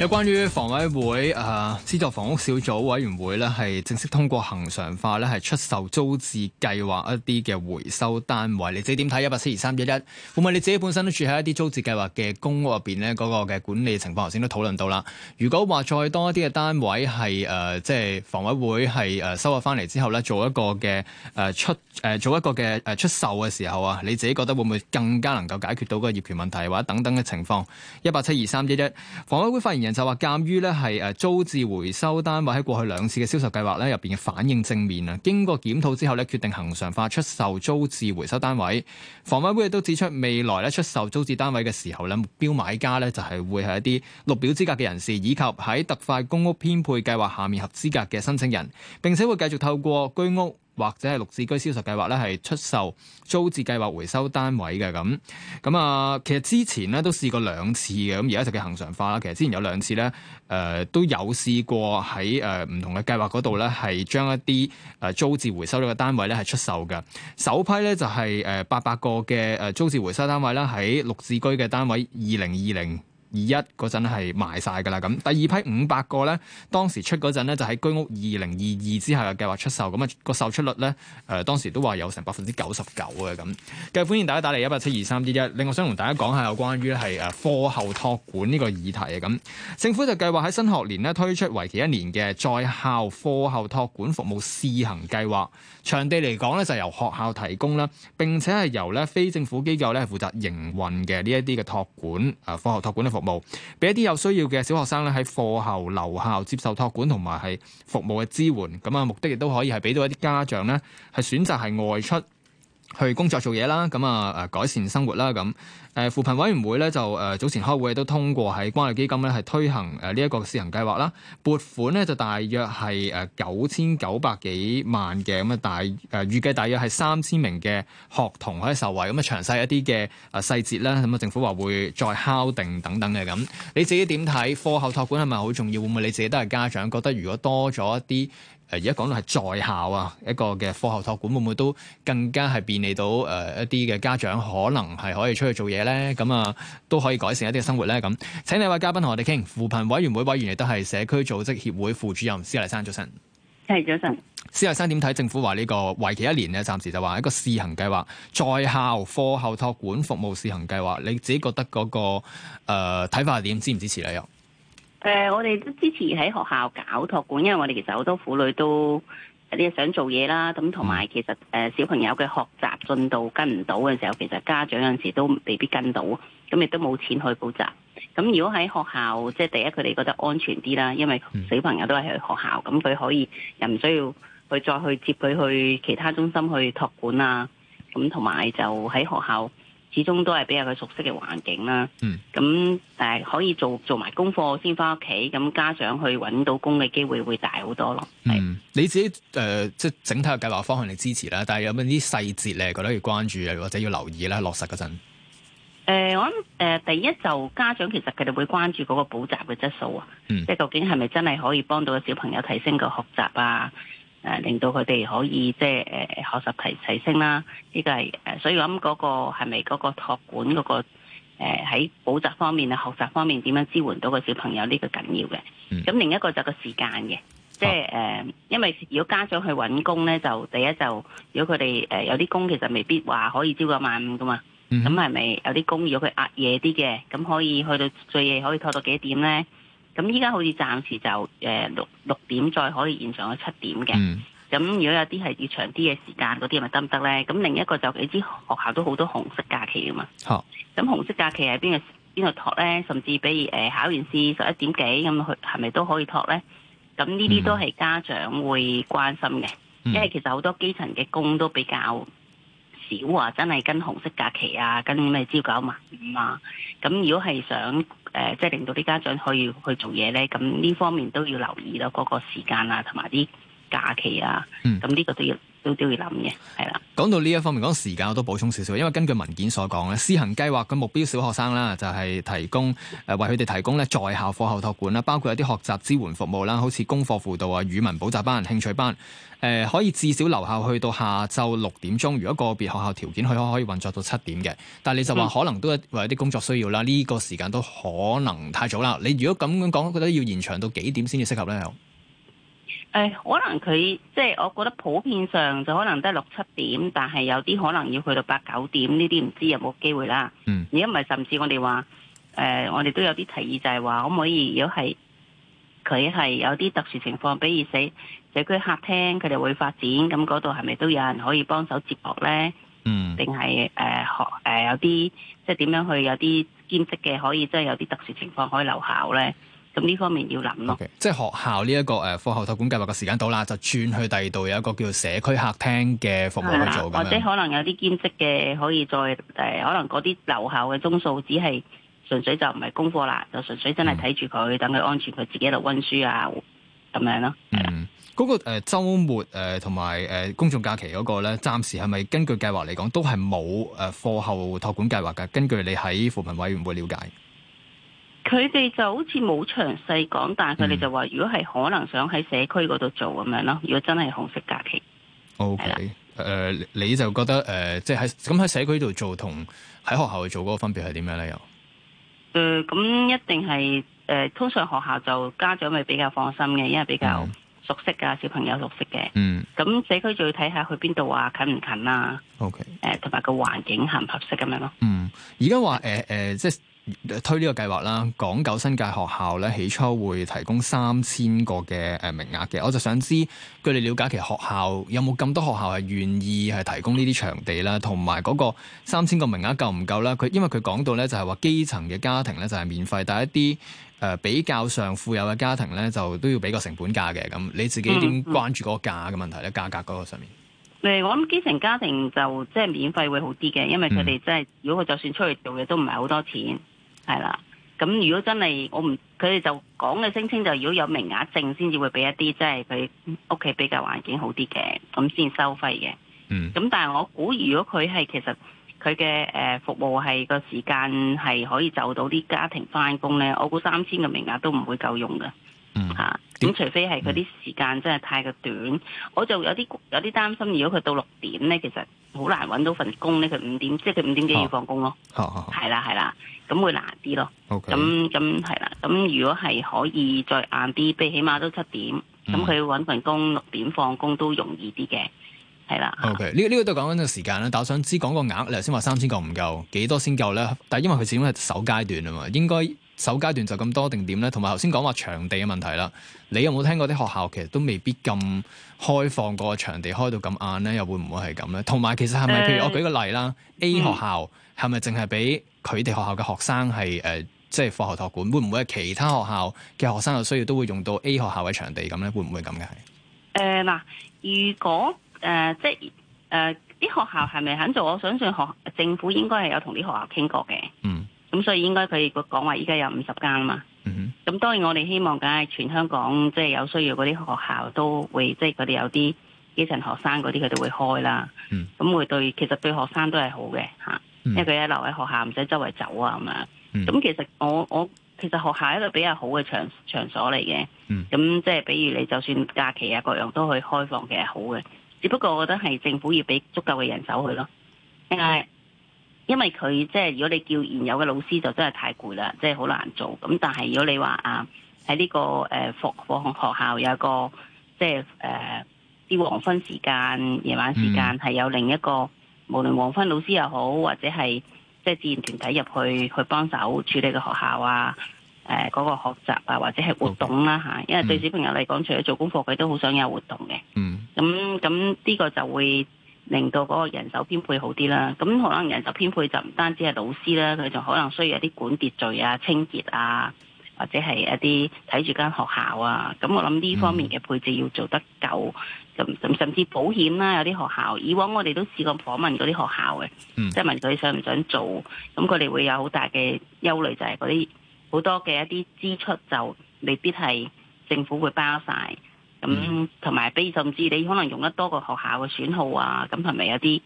有關於房委會誒、啊、資助房屋小組委員會咧，係正式通過恆常化咧，係出售租置計劃一啲嘅回收單位。你自己點睇？一百七二三一一，會唔會你自己本身都住喺一啲租置計劃嘅公屋入邊咧？嗰個嘅管理情況頭先都討論到啦。如果話再多一啲嘅單位係誒，即、呃、係、就是、房委會係誒收咗翻嚟之後咧，做一個嘅誒、呃、出誒、呃、做一個嘅誒出售嘅時候啊，你自己覺得會唔會更加能夠解決到個業權問題或者等等嘅情況？一百七二三一一，房委會發言人。就話鑑於咧係誒租置回收單位喺過去兩次嘅銷售計劃咧入邊嘅反應正面啊，經過檢討之後咧決定恆常化出售租置回收單位。房委會亦都指出，未來咧出售租置單位嘅時候咧，目標買家咧就係會係一啲綠表資格嘅人士，以及喺特快公屋編配計劃下面合資格嘅申請人，並且會繼續透過居屋。或者係綠置居銷售計劃咧，係出售租置計劃回收單位嘅咁咁啊。其實之前咧都試過兩次嘅，咁而家就叫恒常化啦。其實之前有兩次咧，誒、呃、都有試過喺誒唔同嘅計劃嗰度咧，係將一啲誒租置回收咗嘅單位咧係出售嘅。首批咧就係誒八百個嘅誒租置回收單位啦，喺綠置居嘅單位二零二零二一嗰陣係賣曬㗎啦，咁第二批五百個咧，當時出嗰陣咧就喺居屋二零二二之後嘅計劃出售，咁、那、啊個售出率咧誒、呃、當時都話有成百分之九十九嘅咁。咁繼歡迎大家打嚟一八七二三二一。1723G1，另外想同大家講下有關於係誒課後託管呢個議題嘅咁，政府就計劃喺新學年咧推出為期一年嘅在校課後託管服務試行計劃，場地嚟講咧就由學校提供啦，並且係由咧非政府機構咧負責營運嘅呢一啲嘅託管誒課後託管服務俾一啲有需要嘅小學生咧，喺課後留校接受託管同埋係服務嘅支援。咁啊，目的亦都可以係俾到一啲家長咧，係選擇係外出。去工作做嘢啦，咁啊誒改善生活啦，咁誒扶貧委員會咧就誒早前開會都通過喺關愛基金咧係推行誒呢一個試行計劃啦，撥款咧就大約係，誒九千九百幾萬嘅。咁啊大誒預計大約係三千名嘅學童可以受惠，咁啊詳細一啲嘅細節啦，咁啊政府話會再敲定等等嘅。咁，你自己點睇課後托管係咪好重要？會唔會你自己都係家長覺得如果多咗一啲？誒而家講到係在校啊，一個嘅課後託管會唔會都更加係便利到誒一啲嘅家長，可能係可以出去做嘢咧？咁啊都可以改善一啲嘅生活咧。咁請你位嘉賓同我哋傾，扶貧委員會委員亦都係社區組織協會副主任施麗珊早晨，係早晨。施麗珊點睇政府話呢個為期一年咧？暫時就話一個試行計劃，在校課後託管服務試行計劃，你自己覺得嗰個誒睇法係點？支唔支持你？又？誒、呃，我哋都支持喺學校搞托管，因為我哋其實好多婦女都有啲想做嘢啦，咁同埋其實誒、呃、小朋友嘅學習進度跟唔到嘅時候，其實家長有陣時都未必跟到，咁亦都冇錢去補習。咁如果喺學校，即係第一佢哋覺得安全啲啦，因為小朋友都係去學校，咁佢可以又唔需要去再去接佢去其他中心去托管啊，咁同埋就喺學校。始終都係比較佢熟悉嘅環境啦，咁、嗯、誒可以做做埋功課先翻屋企，咁家長去搵到工嘅機會會大好多咯。嗯，你自己誒，即、呃、係整體嘅計劃方向嚟支持啦，但係有冇啲細節咧，你覺得要關注啊，或者要留意啦，落實嗰陣？誒、呃，我諗誒、呃，第一就家長其實佢哋會關注嗰個補習嘅質素啊、嗯，即係究竟係咪真係可以幫到小朋友提升個學習啊？誒、啊，令到佢哋可以即係誒學習提提升啦，呢、這個係誒、呃，所以我諗嗰、那個係咪嗰個託管嗰、那個誒喺補習方面啊，學習方面點樣支援到個小朋友呢、這個緊要嘅。咁、嗯、另一個就個時間嘅，即係誒、呃，因為如果家長去搵工咧，就第一就是、如果佢哋誒有啲工其實未必話可以朝九晚五噶嘛。咁係咪有啲工如果佢壓夜啲嘅，咁可以去到最夜可以託到幾點咧？咁依家好似暫時就誒六六點再可以延長到七點嘅，咁、嗯、如果有啲係要長啲嘅時間，嗰啲係咪得唔得咧？咁另一個就係、你知學校都好多紅色假期噶嘛，咁、哦、紅色假期喺邊度邊個託咧？甚至比如誒、呃、考完試十一點幾咁去，係、嗯、咪、嗯、都可以託咧？咁呢啲都係家長會關心嘅、嗯，因為其實好多基層嘅工都比較少話、啊，真係跟紅色假期啊，跟咩朝九晚五啊，咁如果係想誒、呃，即係令到啲家長可以去做嘢咧，咁呢方面都要留意咯，嗰個時間啊，同埋啲假期啊，咁呢個都要。嗯都都會諗嘅，係啦。講到呢一方面講，講時間，我都補充少少。因為根據文件所講咧，施行計劃嘅目標小學生啦，就係提供誒為佢哋提供咧在校、課後託管啦，包括一啲學習支援服務啦，好似功課輔導啊、語文補習班、興趣班，呃，可以至少留校去到下晝六點鐘。如果個別學校條件，許可以運作到七點嘅。但係你就話可能都為一啲工作需要啦，呢個時間都可能太早啦。你如果咁樣講，覺得要延長到幾點先至適合咧？誒、哎，可能佢即係，我覺得普遍上就可能得六七點，但係有啲可能要去到八九點，呢啲唔知有冇機會啦。嗯。如果唔係甚至我哋話，誒、呃，我哋都有啲提議就係話，就係話可唔可以，如果係佢係有啲特殊情況，比如社社區客廳，佢哋會發展，咁嗰度係咪都有人可以幫手接駁咧？嗯。定係誒學誒有啲即係點樣去有啲兼職嘅，可以即係、就係、有啲特殊情況可以留校咧？呢方面要諗咯，okay, 即係學校呢一個誒課後託管計劃嘅時間到啦，就轉去第二度有一個叫做社區客廳嘅服務去做，或者可能有啲兼職嘅可以再誒，可能嗰啲留校嘅鐘數只係純粹就唔係功課啦，就純粹真係睇住佢，等、嗯、佢安全，佢自己喺度溫書啊咁樣咯、啊。嗯，嗰個週末誒同埋誒公眾假期嗰個咧，暫時係咪根據計劃嚟講都係冇誒課後託管計劃嘅？根據你喺扶貧委員會了解。佢哋就好似冇詳細講，但係佢哋就話：如果係可能想喺社區嗰度做咁樣咯。如果真係紅色假期，O K。誒、okay. 呃，你就覺得誒，即係咁喺社區度做同喺學校去做嗰個分別係點樣咧？又、呃、誒，咁一定係誒、呃，通常學校就家長咪比較放心嘅，因為比較熟悉㗎、mm. 小朋友熟悉嘅。嗯。咁社區就要睇下去邊度啊，近唔近啊？O K。誒、okay. 呃，同埋個環境合唔合適咁樣咯。嗯。而家話誒誒，即、呃、係。呃就是推呢個計劃啦，港九新界學校咧，起初會提供三千個嘅名額嘅。我就想知據你了解，其實學校有冇咁多學校係願意係提供呢啲場地啦，同埋嗰個三千個名額夠唔夠啦？佢因為佢講到咧，就係話基層嘅家庭咧就係免費，但一啲比較上富有嘅家庭咧就都要俾個成本價嘅。咁你自己點關注嗰個價嘅問題咧？價格嗰個上面，誒，我諗基層家庭就即係、就是、免費會好啲嘅，因為佢哋即係如果佢就算出去做嘢都唔係好多錢。係啦，咁如果真係我唔，佢哋就講嘅聲稱就如果有名額證先至會俾一啲，即係佢屋企比較環境好啲嘅，咁先收費嘅。嗯，咁但係我估如果佢係其實佢嘅誒服務係個時間係可以就到啲家庭返工咧，我估三千個名額都唔會夠用㗎。嗯，嚇、啊，咁、嗯、除非係佢啲時間真係太過短、嗯，我就有啲有啲擔心，如果佢到六點咧，其實。好難揾到份工咧，佢五點，即係佢五點幾點要放工咯，係啦係啦，咁、啊啊、會難啲咯。咁咁係啦，咁如果係可以再晏啲，比起碼都七點，咁佢揾份工六點放工都容易啲嘅。係啦，O K 呢？呢個都講緊個時間啦。但我想知講個額，你頭先話三千個唔夠，幾多先夠咧？但係因為佢始終係首階段啊嘛，應該首階段就咁多定點咧？同埋頭先講話場地嘅問題啦，你有冇聽過啲學校其實都未必咁開放個場地，開到咁晏咧？又會唔會係咁咧？同埋其實係咪？譬如我舉個例啦，呃，A 學校係咪淨係俾佢哋學校嘅學生係誒，即係課後託管？會唔會係其他學校嘅學生有需要都會用到 A 學校嘅場地咁咧？會唔會咁嘅？誒，嗱，如果誒、呃，即係誒，啲、呃、學校係咪肯做？我相信學政府應該係有同啲學校傾過嘅。嗯。咁所以應該佢講話依家有五十間吖嘛。嗯。咁當然我哋希望，梗係全香港即係、就是、有需要嗰啲學校都會，即係佢哋有啲基層學生嗰啲，佢哋會開啦。嗯。咁會對，其實對學生都係好嘅吓、嗯，因為佢一留喺學校，唔使周圍走啊咁樣。咁、嗯、其實我我其實學校係一個比較好嘅場場所嚟嘅。嗯。咁即係比如你就算假期啊各樣都去開放，嘅，好嘅。只不過我覺得係政府要俾足夠嘅人手去咯，因為因為佢即係如果你叫現有嘅老師就真係太攰啦，即係好難做。咁但係如果你話啊喺呢個誒復課學校有一個即係誒啲黃昏時間、夜晚時間係有另一個，無論黃昏老師又好，或者係即係志願團體入去去幫手處理個學校啊，誒、呃、嗰、那個學習啊，或者係活動啦、啊、吓，okay. 因為對小朋友嚟講、嗯，除咗做功課，佢都好想有活動嘅。嗯咁咁呢個就會令到嗰個人手編配好啲啦。咁可能人手編配就唔單止係老師啦，佢仲可能需要一啲管秩序啊、清潔啊，或者係一啲睇住間學校啊。咁我諗呢方面嘅配置要做得夠。咁、嗯、咁甚至保險啦，有啲學校以往我哋都試過訪問嗰啲學校嘅、嗯，即係問佢想唔想做。咁佢哋會有好大嘅憂慮，就係嗰啲好多嘅一啲支出就未必係政府會包晒。咁同埋，嗯、比甚至你可能用得多個學校嘅損耗啊，咁係咪有啲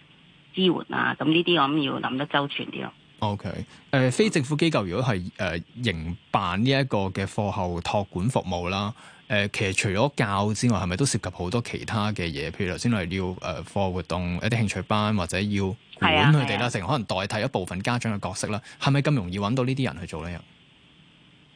支援啊？咁呢啲我諗要諗得周全啲咯。O K.，誒，非政府機構如果係誒營辦呢一個嘅課後託管服務啦，誒、呃，其實除咗教之外，係咪都涉及好多其他嘅嘢？譬如頭先嚟，要誒課活動一啲興趣班，或者要管佢哋啦，成、啊啊、可能代替一部分家長嘅角色啦，係咪咁容易揾到呢啲人去做咧？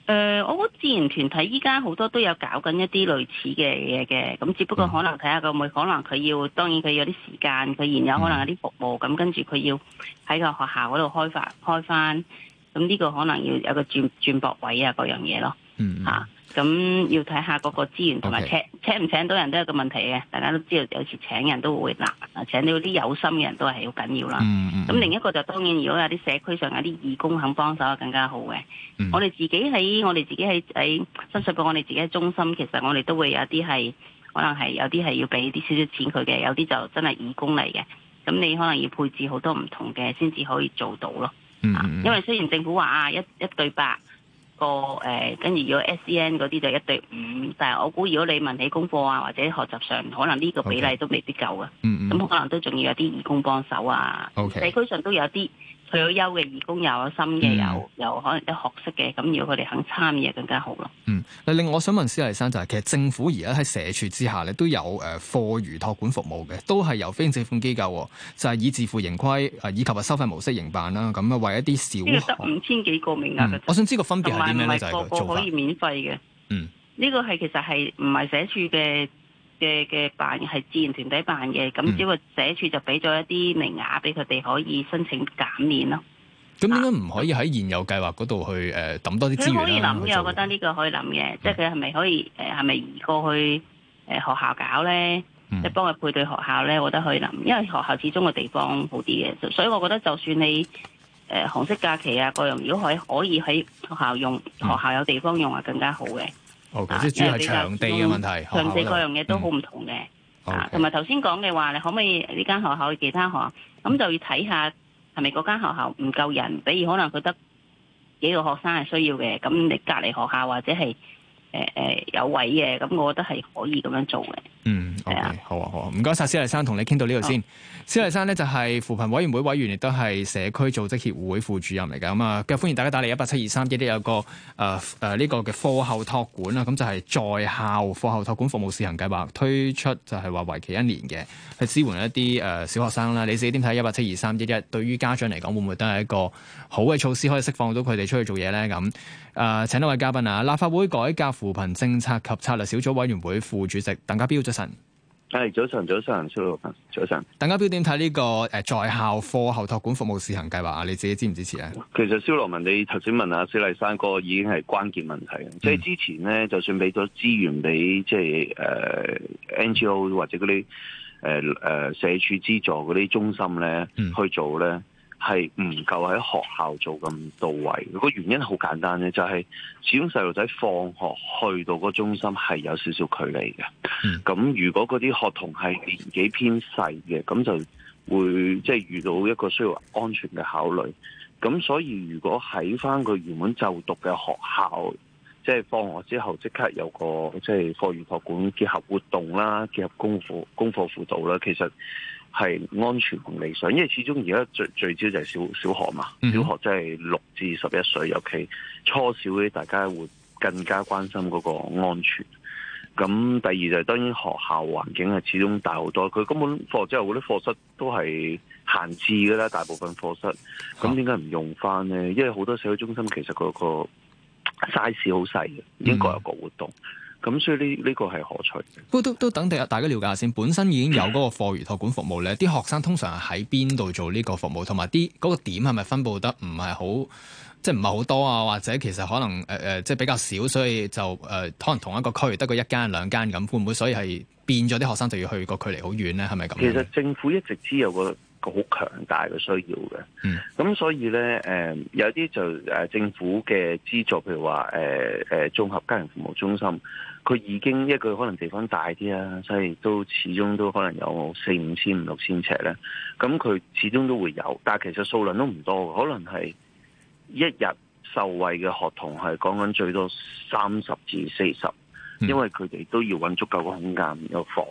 誒、呃，我覺得志願團體依家好多都有搞緊一啲類似嘅嘢嘅，咁只不過可能睇下佢，可能佢要，當然佢要有啲時間，佢然有可能有啲服務，咁、嗯、跟住佢要喺個學校嗰度開發開翻，咁呢個可能要有個轉轉駁位啊嗰樣嘢咯，嗯啊咁要睇下嗰個資源同埋、okay. 請請唔請到人都有個問題嘅，大家都知道有時請人都會難，請到啲有心嘅人都係好緊要啦。咁、mm-hmm. 另一個就當然，如果有啲社區上有啲義工肯幫手，更加好嘅、mm-hmm. 我哋自己喺我哋自己喺喺深水埗，我哋自己喺中心，其實我哋都會有啲係可能係有啲係要俾啲少少錢佢嘅，有啲就真係義工嚟嘅。咁你可能要配置好多唔同嘅，先至可以做到咯。Mm-hmm. 因為雖然政府話啊一一對八。個誒，跟住如果 SCN 嗰啲就一對五，但係我估如果你問起功課啊或者學習上，可能呢個比例都未必夠嘅、啊，咁、okay. mm-hmm. 可能都仲要有啲義工幫手啊，社、okay. 區上都有啲。去咗休嘅義工有，有的，心、嗯、嘅有，有可能都學識嘅，咁要佢哋肯參與更加好咯。嗯，嗱，另外我想問施麗珊就係、是、其實政府而家喺社署之下咧都有誒、呃、課餘託管服務嘅，都係由非政府機構，就係、是、以自負盈虧啊、呃、以及啊收費模式營辦啦。咁啊，為一啲少呢個得五千幾個名額嘅、嗯，我想知個分別係點樣咧？就係、是、個做法。個個可以免費嘅。嗯，呢、這個係其實係唔係社署嘅。嘅嘅辦係志願團體辦嘅，咁只係社署就俾咗一啲名額俾佢哋可以申請減免咯。咁點解唔可以喺現有計劃嗰度去誒抌、呃、多啲資源？佢可以諗，我覺得呢個可以諗嘅，即係佢係咪可以誒係咪移過去誒、呃、學校搞咧？即係幫佢配對學校咧，我覺得可以諗，因為學校始終個地方好啲嘅，所以我覺得就算你誒、呃、紅色假期啊各樣，如果可可以喺學校用，學校有地方用啊，更加好嘅。嗯即係主要係場地嘅問題，場地各樣嘢都好唔同嘅。啊、嗯，同埋頭先講嘅話，你可唔可以呢間學校去其他學校，咁就要睇下係咪嗰間學校唔夠人？比如可能佢得幾個學生係需要嘅，咁你隔籬學校或者係。誒、嗯、誒，有位嘅，咁我覺得係可以咁樣做嘅。嗯，好啊，好啊，唔該晒，施麗珊，同你傾到呢度先。施、嗯、麗珊咧，就係扶貧委員會委員，亦都係社區組織協會副主任嚟嘅。咁啊，今日歡迎大家打嚟一八七二三一一，有、呃這個誒誒呢個嘅課後託管啦，咁就係在校課後託管服務試行計劃推出，就係話為期一年嘅，去支援一啲誒小學生啦。你自己點睇一八七二三一一？對於家長嚟講，會唔會都係一個好嘅措施，可以釋放到佢哋出去做嘢咧？咁？誒、呃，請一位嘉賓啊，立法會改革扶貧政策及策略小組委員會副主席鄧家彪，早晨。係早晨，早晨，肖羅文，早晨。鄧家彪點睇呢個誒，在校課後託管服務試行計劃啊？你自己支唔支持啊？其實肖羅文，你頭先問阿施麗珊、那個已經係關鍵問題，即、就、係、是、之前咧，就算俾咗資源俾即係誒、呃、NGO 或者嗰啲誒誒社署資助嗰啲中心咧、嗯，去做咧。係唔夠喺學校做咁到位，個原因好簡單嘅，就係始終細路仔放學去到個中心係有少少距離嘅。咁如果嗰啲學童係年紀偏細嘅，咁就會即係遇到一個需要安全嘅考慮。咁所以如果喺翻個原本就讀嘅學校，即係放學之後即刻有個即係課餘託管結合活動啦，結合功課功課輔導啦，其實。係安全同理上，因為始終而家最最主要就係小小學嘛，小學即係六至十一歲，尤其初小啲大家會更加關心嗰個安全。咁第二就係、是、當然學校環境係始終大好多，佢根本課之後嗰啲課室都係閒置噶啦，大部分課室。咁點解唔用翻呢？因為好多社區中心其實嗰個 size 好細，應該有個活動。嗯咁所以呢，呢個係可取。不過都都等大家了解下先。本身已經有嗰個課餘託管服務咧，啲學生通常喺邊度做呢個服務？同埋啲嗰個點係咪分佈得唔係好，即係唔係好多啊？或者其實可能、呃呃、即係比較少，所以就、呃、可能同一個區域得個一間兩間咁，會唔會所以係變咗啲學生就要去個距離好遠咧？係咪咁？其實政府一直知有個。好強大嘅需要嘅，咁、mm. 所以咧，誒有啲就誒、呃、政府嘅資助，譬如話誒誒綜合家庭服務中心，佢已經一個可能地方大啲啦，所以都始終都可能有四五千五六千尺咧。咁佢始終都會有，但係其實數量都唔多，可能係一日受惠嘅學童係講緊最多三十至四十，因為佢哋都要揾足夠嘅空間有房。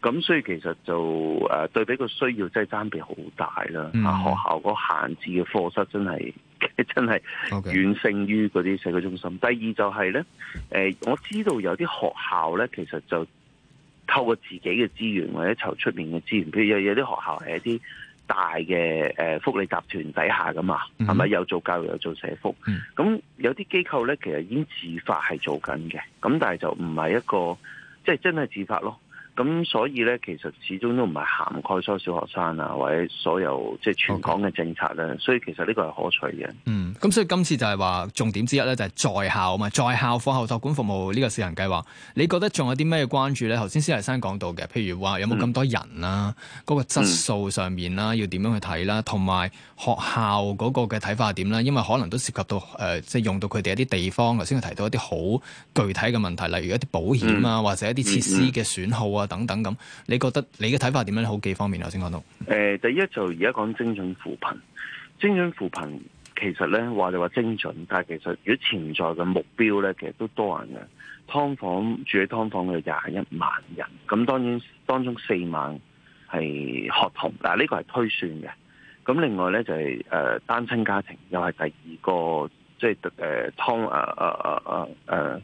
咁所以其實就誒、呃、對比個需要真係差別好大啦。嗯、學校嗰限制嘅課室真係真係遠勝於嗰啲社區中心，嗯。第二就係咧誒，我知道有啲學校咧，其實就透過自己嘅資源或者籌出面嘅資源，譬如有有啲學校係一啲大嘅誒、呃、福利集團底下噶嘛，係、嗯、咪？有做教育有做社福，咁、嗯、有啲機構咧，其實已經自發係做緊嘅，咁但係就唔係一個即係、就是、真係自發咯。咁所以咧，其實始終都唔係涵蓋所有小學生啊，或者所有即係全港嘅政策咧。Okay. 所以其實呢個係可取嘅。嗯，咁所以今次就係話重點之一咧，就係、是、在校啊嘛，在校課後託管服務呢個試行計劃，你覺得仲有啲咩關注咧？頭先施麗珊講到嘅，譬如話有冇咁多人啦、啊，嗰、嗯那個質素上面啦、啊嗯，要點樣去睇啦、啊？同埋學校嗰個嘅睇法係點咧？因為可能都涉及到、呃、即係用到佢哋一啲地方。頭先佢提到一啲好具體嘅問題，例如一啲保險啊，嗯、或者一啲設施嘅損耗啊。嗯嗯嗯等等咁，你覺得你嘅睇法點樣？好幾方面頭先講到。誒、呃，第一就而家講精準扶貧，精準扶貧其實咧話就話精準，但係其實如果潛在嘅目標咧，其實都多人嘅。劏房住喺㓥房嘅廿一萬人，咁當然當中四萬係學童，嗱、這、呢個係推算嘅。咁另外咧就係、是、誒、呃、單親家庭，又係第二個即係誒劏啊啊啊啊誒。呃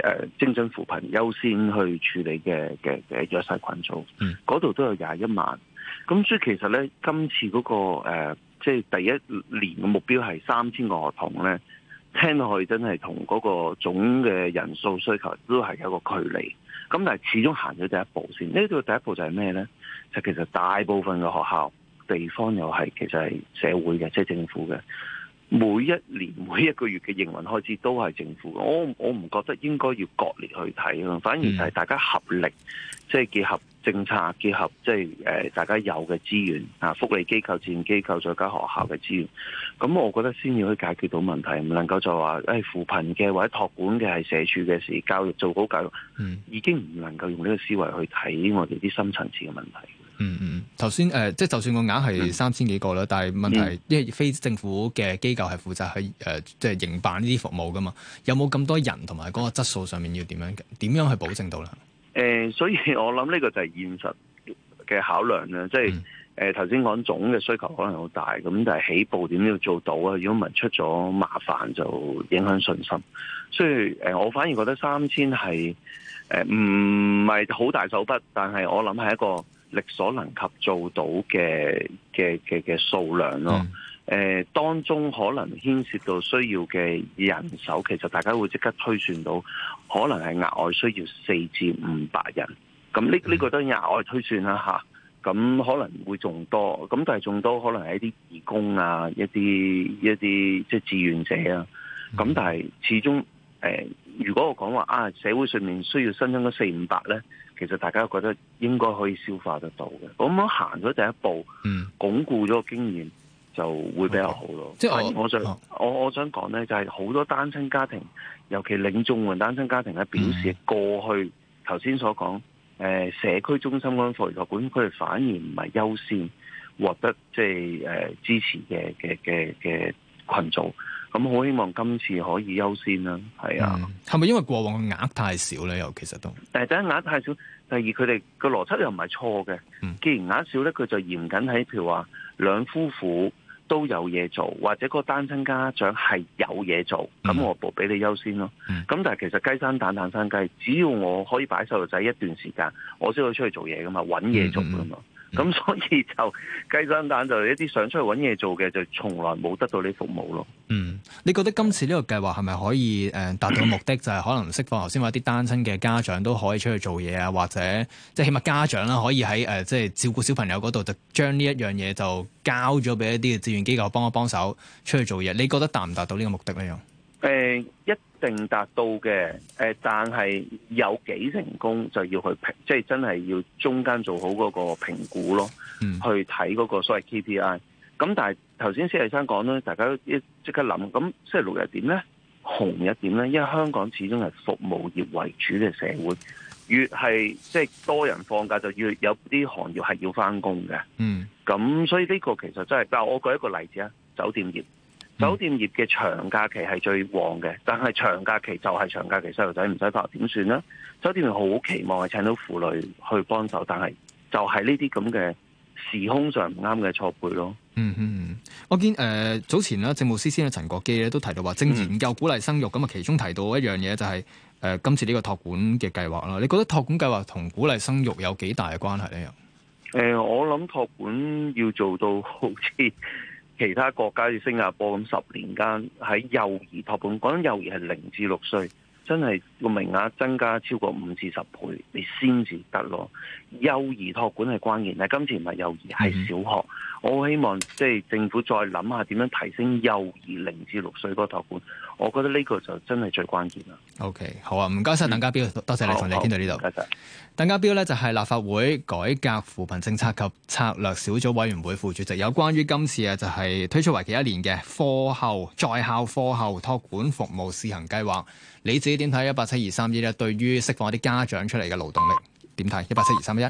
誒精準扶貧優先去處理嘅嘅嘅弱勢群組，嗰、嗯、度都有廿一萬。咁所以其實咧，今次嗰、嗰個即係、呃就係、第一年嘅目標係三千個學童咧，聽落去真係同嗰個總嘅人數需求都係有一個距離。咁但係始終行咗第一步先。呢度第一步就係咩咧？就其實大部分嘅學校地方又係其實係社會嘅，即、就、係、係、政府嘅。每一年每一個月嘅營運開支都係政府嘅，我我唔覺得應該要割裂去睇咯，反而係大家合力，即係結合政策，結合即係誒大家有嘅資源啊，福利機構、慈善機構、再加學校嘅資源，咁我覺得先至可以解決到問題，唔能夠就話誒扶貧嘅或者託管嘅係社署嘅事，教育做好教育，嗯、已經唔能夠用呢個思維去睇我哋啲深層次嘅問題。嗯嗯，頭先誒，即係、呃、就算個額係三千幾個啦，嗯，但係問題是，嗯，因為非政府嘅機構係負責去誒，即係營辦呢啲服務噶嘛，有冇咁多人同埋嗰個質素上面要點樣？點樣去保證到咧？誒、呃，所以我諗呢個就係現實嘅考量啦，即係誒頭先講總嘅需求可能好大，咁但係起步點都要做到啊？如果唔係出咗麻煩，就影響信心。所以誒、呃，我反而覺得三千係誒唔係好大手筆，但係我諗係一個。力所能及做到嘅嘅嘅嘅數量咯，mm. 當中可能牽涉到需要嘅人手，其實大家會即刻推算到，可能係額外需要四至五百人。咁呢呢個都係額外推算啦吓，咁可能會仲多，咁但係仲多可能係一啲義工啊，一啲一啲即係志願者啊。咁、mm. 但係始終、呃、如果我講話啊，社會上面需要新增嗰四五百咧。其實大家覺得應該可以消化得到嘅，咁樣行咗第一步，嗯，鞏固咗個經驗就會比較好咯。即、哦、係我想我、哦、我想講咧，就係好多單親家庭，尤其領綜援單親家庭咧，表示過去頭先、嗯、所講誒社區中心的、安託兒託管區反而唔係優先獲得即係誒支持嘅嘅嘅嘅羣組。咁好希望今次可以優先啦，係啊，係、嗯、咪因為過往嘅額太少咧？又其實都，但係第一額太少，第二佢哋個邏輯又唔係錯嘅、嗯。既然額少咧，佢就嚴謹喺譬如話兩夫婦都有嘢做，或者個單親家長係有嘢做，咁、嗯、我部俾你優先咯。咁、嗯、但係其實雞生蛋蛋生雞，只要我可以擺細路仔一段時間，我先會出去做嘢噶嘛，揾嘢做噶嘛。嗯咁、嗯、所以就雞生蛋就一啲想出去揾嘢做嘅就從來冇得到呢服務咯。嗯，你覺得今次呢個計劃係咪可以誒、嗯、達到的目的？就係可能釋放頭先話啲單親嘅家長都可以出去做嘢啊，或者即係、就是、起碼家長啦、啊、可以喺誒即係照顧小朋友嗰度就將呢一樣嘢就交咗俾一啲嘅志願機構幫一幫手出去做嘢。你覺得達唔達到呢個目的呢？又？誒、呃，一定達到嘅，誒、呃，但係有幾成功就要去評，即、就、係、是、真係要中間做好嗰個評估咯，嗯、去睇嗰個所謂 KPI。咁但係頭先施麗珊講咧，大家一即刻諗，咁星期六日點咧，紅日點咧？因為香港始終係服務業為主嘅社會，越係即係多人放假，就越有啲行業係要翻工嘅。嗯，咁所以呢個其實真、就、係、是，但係我舉一個例子啊，酒店業。酒店業嘅長假期係最旺嘅，但係長假期就係長假期，細路仔唔使翻學點算咧？酒店業好期望係請到婦女去幫手，但係就係呢啲咁嘅時空上唔啱嘅錯配咯。嗯嗯，我見誒、呃、早前咧政務司司長陳國基咧都提到話，正研究鼓勵生育，咁、嗯、啊其中提到一樣嘢就係、是、誒、呃、今次呢個託管嘅計劃啦。你覺得託管計劃同鼓勵生育有幾大嘅關係咧？誒、呃，我諗託管要做到好似。其他國家嘅新加坡咁，十年間喺幼兒託管，講幼兒係零至六歲，真係個名額增加超過五至十倍，你先至得咯。幼兒託管係關鍵，但今次唔係幼兒，係小學。嗯我希望即係政府再諗下點樣提升幼兒零至六歲嗰個託管，我覺得呢個就真係最關鍵啦。OK，好啊，唔該晒鄧家彪，多謝你，同你傾到呢度。鄧家彪呢就係立法會改革扶貧政策及策略小組委員會副主席。有關於今次啊，就係推出為期一年嘅課後在校課後託管服務試行計劃，你自己點睇？一八七二三一咧，對於釋放一啲家長出嚟嘅勞動力，點睇？一八七二三一。